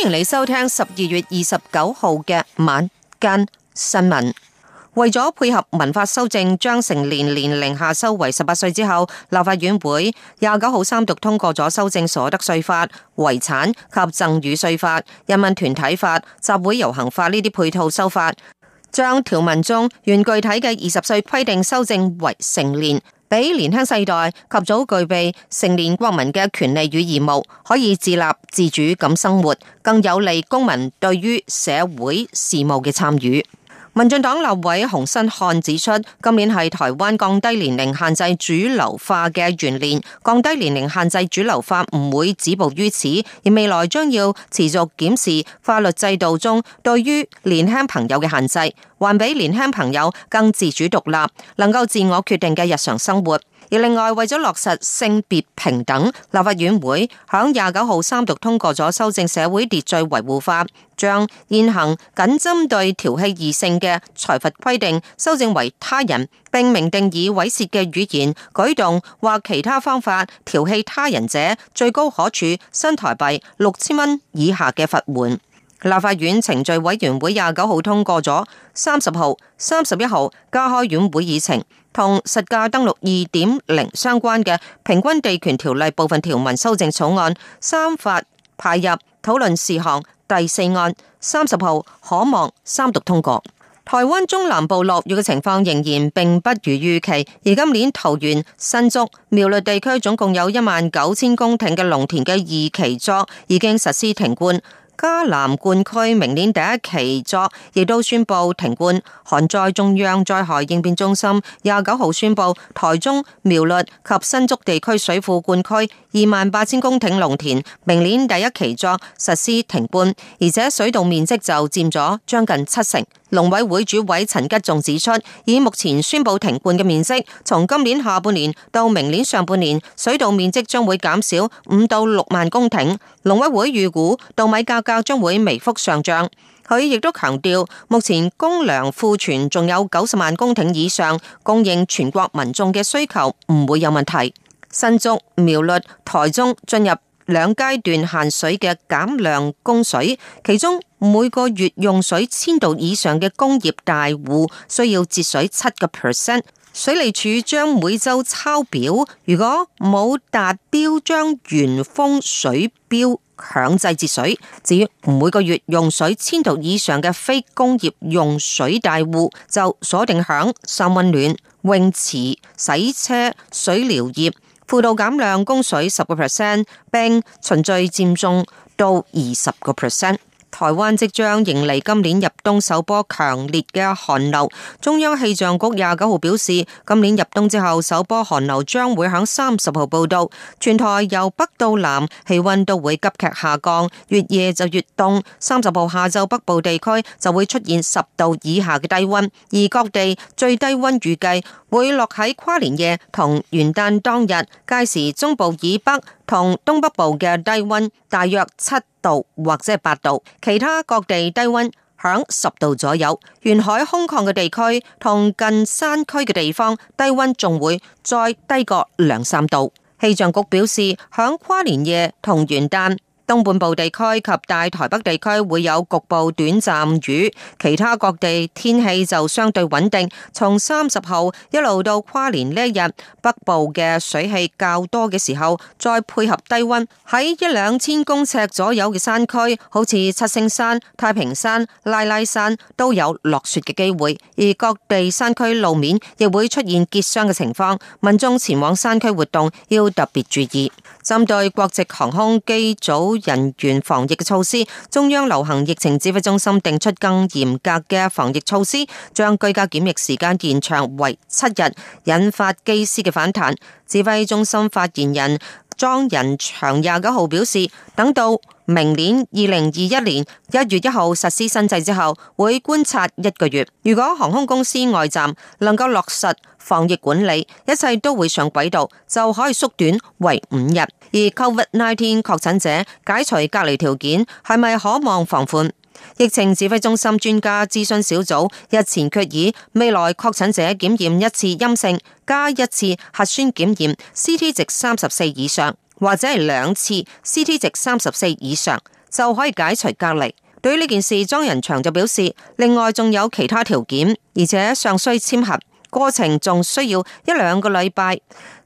歡迎你收聽十二月二十九號嘅晚間新聞。為咗配合民法修正，將成年年齡下修為十八歲之後，立法院會廿九號三讀通過咗修正所得稅法、遺產及贈與稅法、人民團體法、集會遊行法呢啲配套修法，將條文中原具體嘅二十歲規定修正為成年。俾年輕世代及早具備成年國民嘅權利與義務，可以自立自主咁生活，更有利公民對於社會事務嘅參與。民進黨立委洪申漢指出，今年係台灣降低年齡限制主流化嘅元年，降低年齡限制主流化唔會止步於此，而未來將要持續檢視法律制度中對於年輕朋友嘅限制，還俾年輕朋友更自主獨立，能夠自我決定嘅日常生活。而另外，為咗落實性別平等，立法院會響廿九號三讀通過咗修正社會秩序維護法，將現行僅針對調戲異性嘅財罰規定，修正為他人，並明定以猥褻嘅語言、舉動或其他方法調戲他人者，最高可處新台幣六千蚊以下嘅罰鍰。立法院程序委員會廿九號通過咗三十號、三十一號加開院會議程，同實價登錄二點零相關嘅平均地權條例部分條文修正草案三法排入討論事項第四案三十號，可望三讀通過。台灣中南部落雨嘅情況仍然並不如預期，而今年桃園、新竹、苗栗地區總共有一萬九千公頃嘅農田嘅二期作已經實施停灌。嘉南灌區明年第一期作亦都宣布停灌，旱災中央災害應變中心廿九號宣布，台中苗栗及新竹地區水庫灌區二萬八千公頃農田明年第一期作實施停灌，而且水稻面積就佔咗將近七成。農委會主委陳吉仲指出，以目前宣布停灌嘅面積，從今年下半年到明年上半年，水稻面積將會減少五到六萬公頃。農委會預估稻米價格，格將會微幅上漲。佢亦都強調，目前公糧庫存仲有九十萬公頃以上，供應全國民眾嘅需求唔會有問題。新竹、苗栗、台中進入。兩階段限水嘅減量供水，其中每個月用水千度以上嘅工業大戶需要節水七個 percent。水利署將每周抄表，如果冇達標，將原封水表強制節水。至於每個月用水千度以上嘅非工業用水大戶，就鎖定響三溫暖、泳池、洗車、水療業。輔導減量供水十個 percent，並循序漸進到二十個 percent。台灣即將迎嚟今年入冬首波強烈嘅寒流，中央氣象局廿九號表示，今年入冬之後首波寒流將會響三十號報到，全台由北到南氣溫都會急劇下降，越夜就越凍。三十號下晝北部地區就會出現十度以下嘅低溫，而各地最低溫預計會落喺跨年夜同元旦當日，屆時中部以北。同東北部嘅低溫大約七度或者八度，其他各地低溫響十度左右，沿海空曠嘅地區同近山區嘅地方，低溫仲會再低過兩三度。氣象局表示，響跨年夜同元旦，東半部地區及大台北地區會有局部短暫雨，其他各地天氣就相對穩定。從三十號一路到跨年呢一日，北部嘅水氣較多嘅時候，再配合低温，喺一兩千公尺左右嘅山區，好似七星山、太平山、拉拉山都有落雪嘅機會，而各地山區路面亦會出現結霜嘅情況，民眾前往山區活動要特別注意。針對國際航空機組人員防疫嘅措施，中央流行疫情指揮中心定出更嚴格嘅防疫措施，將居家檢疫時間延長為七日，引發機師嘅反彈。指揮中心發言人莊人祥廿九號表示，等到，明年二零二一年一月一號實施新制之後，會觀察一個月。如果航空公司外站能夠落實防疫管理，一切都會上軌道，就可以縮短為五日。而 COVID-19 確診者解除隔離條件係咪可望放寬？疫情指揮中心專家諮詢小組日前決議，未來確診者檢驗一次陰性加一次核酸檢驗，C T 值三十四以上。或者係兩次 CT 值三十四以上就可以解除隔離。對於呢件事，莊仁祥就表示，另外仲有其他條件，而且尚需簽核，過程仲需要一兩個禮拜，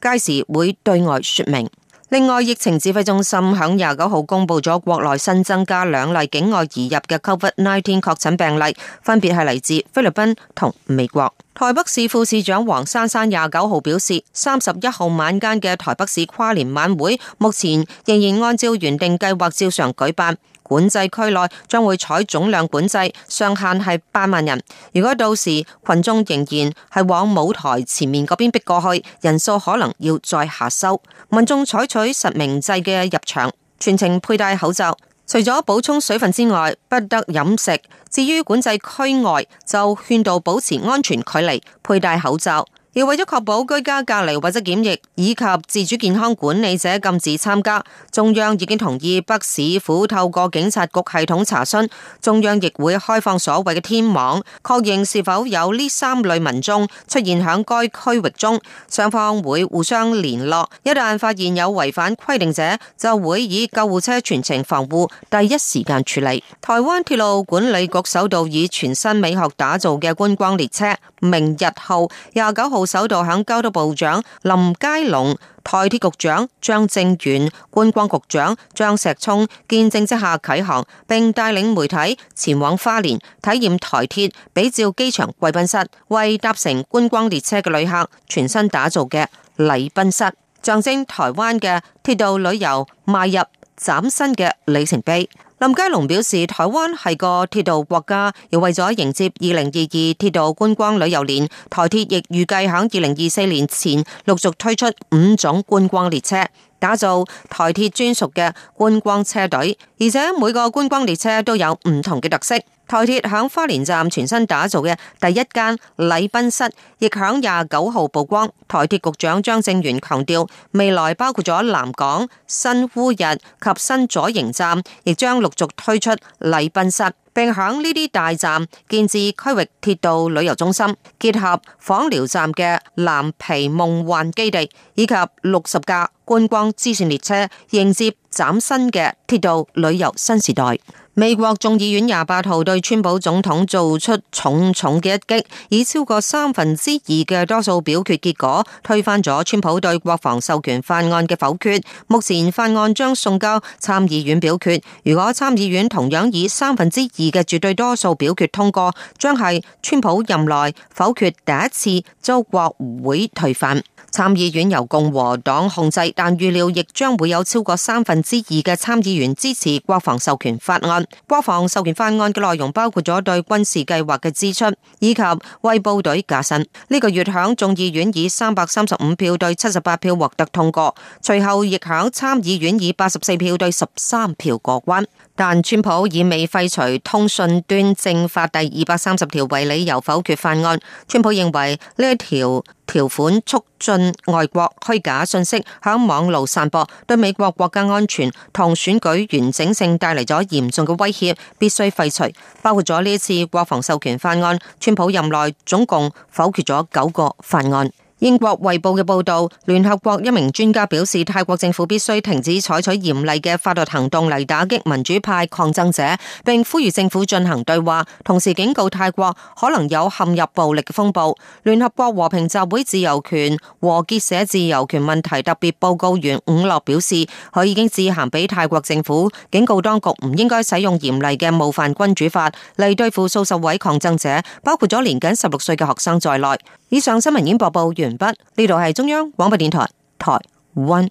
屆時會對外説明。另外，疫情指揮中心響廿九號公布咗國內新增加兩例境外移入嘅 COVID-19 確診病例，分別係嚟自菲律賓同美國。台北市副市長黃珊珊廿九號表示，三十一號晚間嘅台北市跨年晚會目前仍然按照原定計劃照常舉辦。管制區內將會採總量管制，上限係八萬人。如果到時群眾仍然係往舞台前面嗰邊逼過去，人數可能要再下收。民眾採取實名制嘅入場，全程佩戴口罩，除咗補充水分之外，不得飲食。至於管制區外，就勸導保持安全距離，佩戴口罩。要為咗確保居家隔離或者檢疫以及自主健康管理者禁止參加，中央已經同意北市府透過警察局系統查詢，中央亦會開放所謂嘅天網，確認是否有呢三類民眾出現響該區域中，雙方會互相聯絡，一旦發現有違反規定者，就會以救護車全程防護，第一時間處理。台灣鐵路管理局首度以全新美學打造嘅觀光列車，明日後廿九號。部首度響交通部長林佳龍、台鐵局長張正源、觀光局長張石聰見證之下啟航，並帶領媒體前往花蓮體驗台鐵比照機場貴賓室為搭乘觀光列車嘅旅客全新打造嘅禮賓室，象徵台灣嘅鐵道旅遊邁入嶄新嘅里程碑。林佳龍表示，台灣係個鐵道國家，又為咗迎接二零二二鐵道觀光旅遊年，台鐵亦預計響二零二四年前陸續推出五種觀光列車，打造台鐵專屬嘅觀光車隊，而且每個觀光列車都有唔同嘅特色。台鐵響花蓮站全新打造嘅第一間禮賓室，亦響廿九號曝光。台鐵局長張政源強調，未來包括咗南港、新烏日及新左營站，亦將陸續推出禮賓室，並響呢啲大站建置區域鐵道旅遊中心，結合枋寮站嘅藍皮夢幻基地以及六十架觀光支線列車，迎接嶄新嘅鐵道旅遊新時代。美國眾議院廿八號對川普總統做出重重嘅一擊，以超過三分之二嘅多數表決結果推翻咗川普對國防授權法案嘅否決。目前法案將送交參議院表決，如果參議院同樣以三分之二嘅絕對多數表決通過，將係川普任內否決第一次遭國會推翻。參議院由共和黨控制，但預料亦將會有超過三分之二嘅參議員支持國防授權法案。國防授權法案嘅內容包括咗對軍事計劃嘅支出，以及為部隊加薪。呢、這個月響眾議院以三百三十五票對七十八票獲得通過，隨後亦響參議院以八十四票對十三票過關。但川普以未廢除通訊端政法第二百三十條為理由否決法案。川普認為呢一條。條款促進外國虛假信息響網路散播，對美國國家安全同選舉完整性帶嚟咗嚴重嘅威脅，必須廢除。包括咗呢一次國防授權法案，川普任內總共否決咗九個法案。英國衛報嘅報道，聯合國一名專家表示，泰國政府必須停止採取嚴厲嘅法律行動嚟打擊民主派抗爭者，並呼籲政府進行對話，同時警告泰國可能有陷入暴力嘅風暴。聯合國和平集會自由權和結社自由權問題特別報告員伍樂表示，佢已經致函俾泰國政府，警告當局唔應該使用嚴厲嘅冒犯君主法嚟對付數十位抗爭者，包括咗年僅十六歲嘅學生在內。以上新聞已經播報完畢，呢度係中央廣播電台，台灣。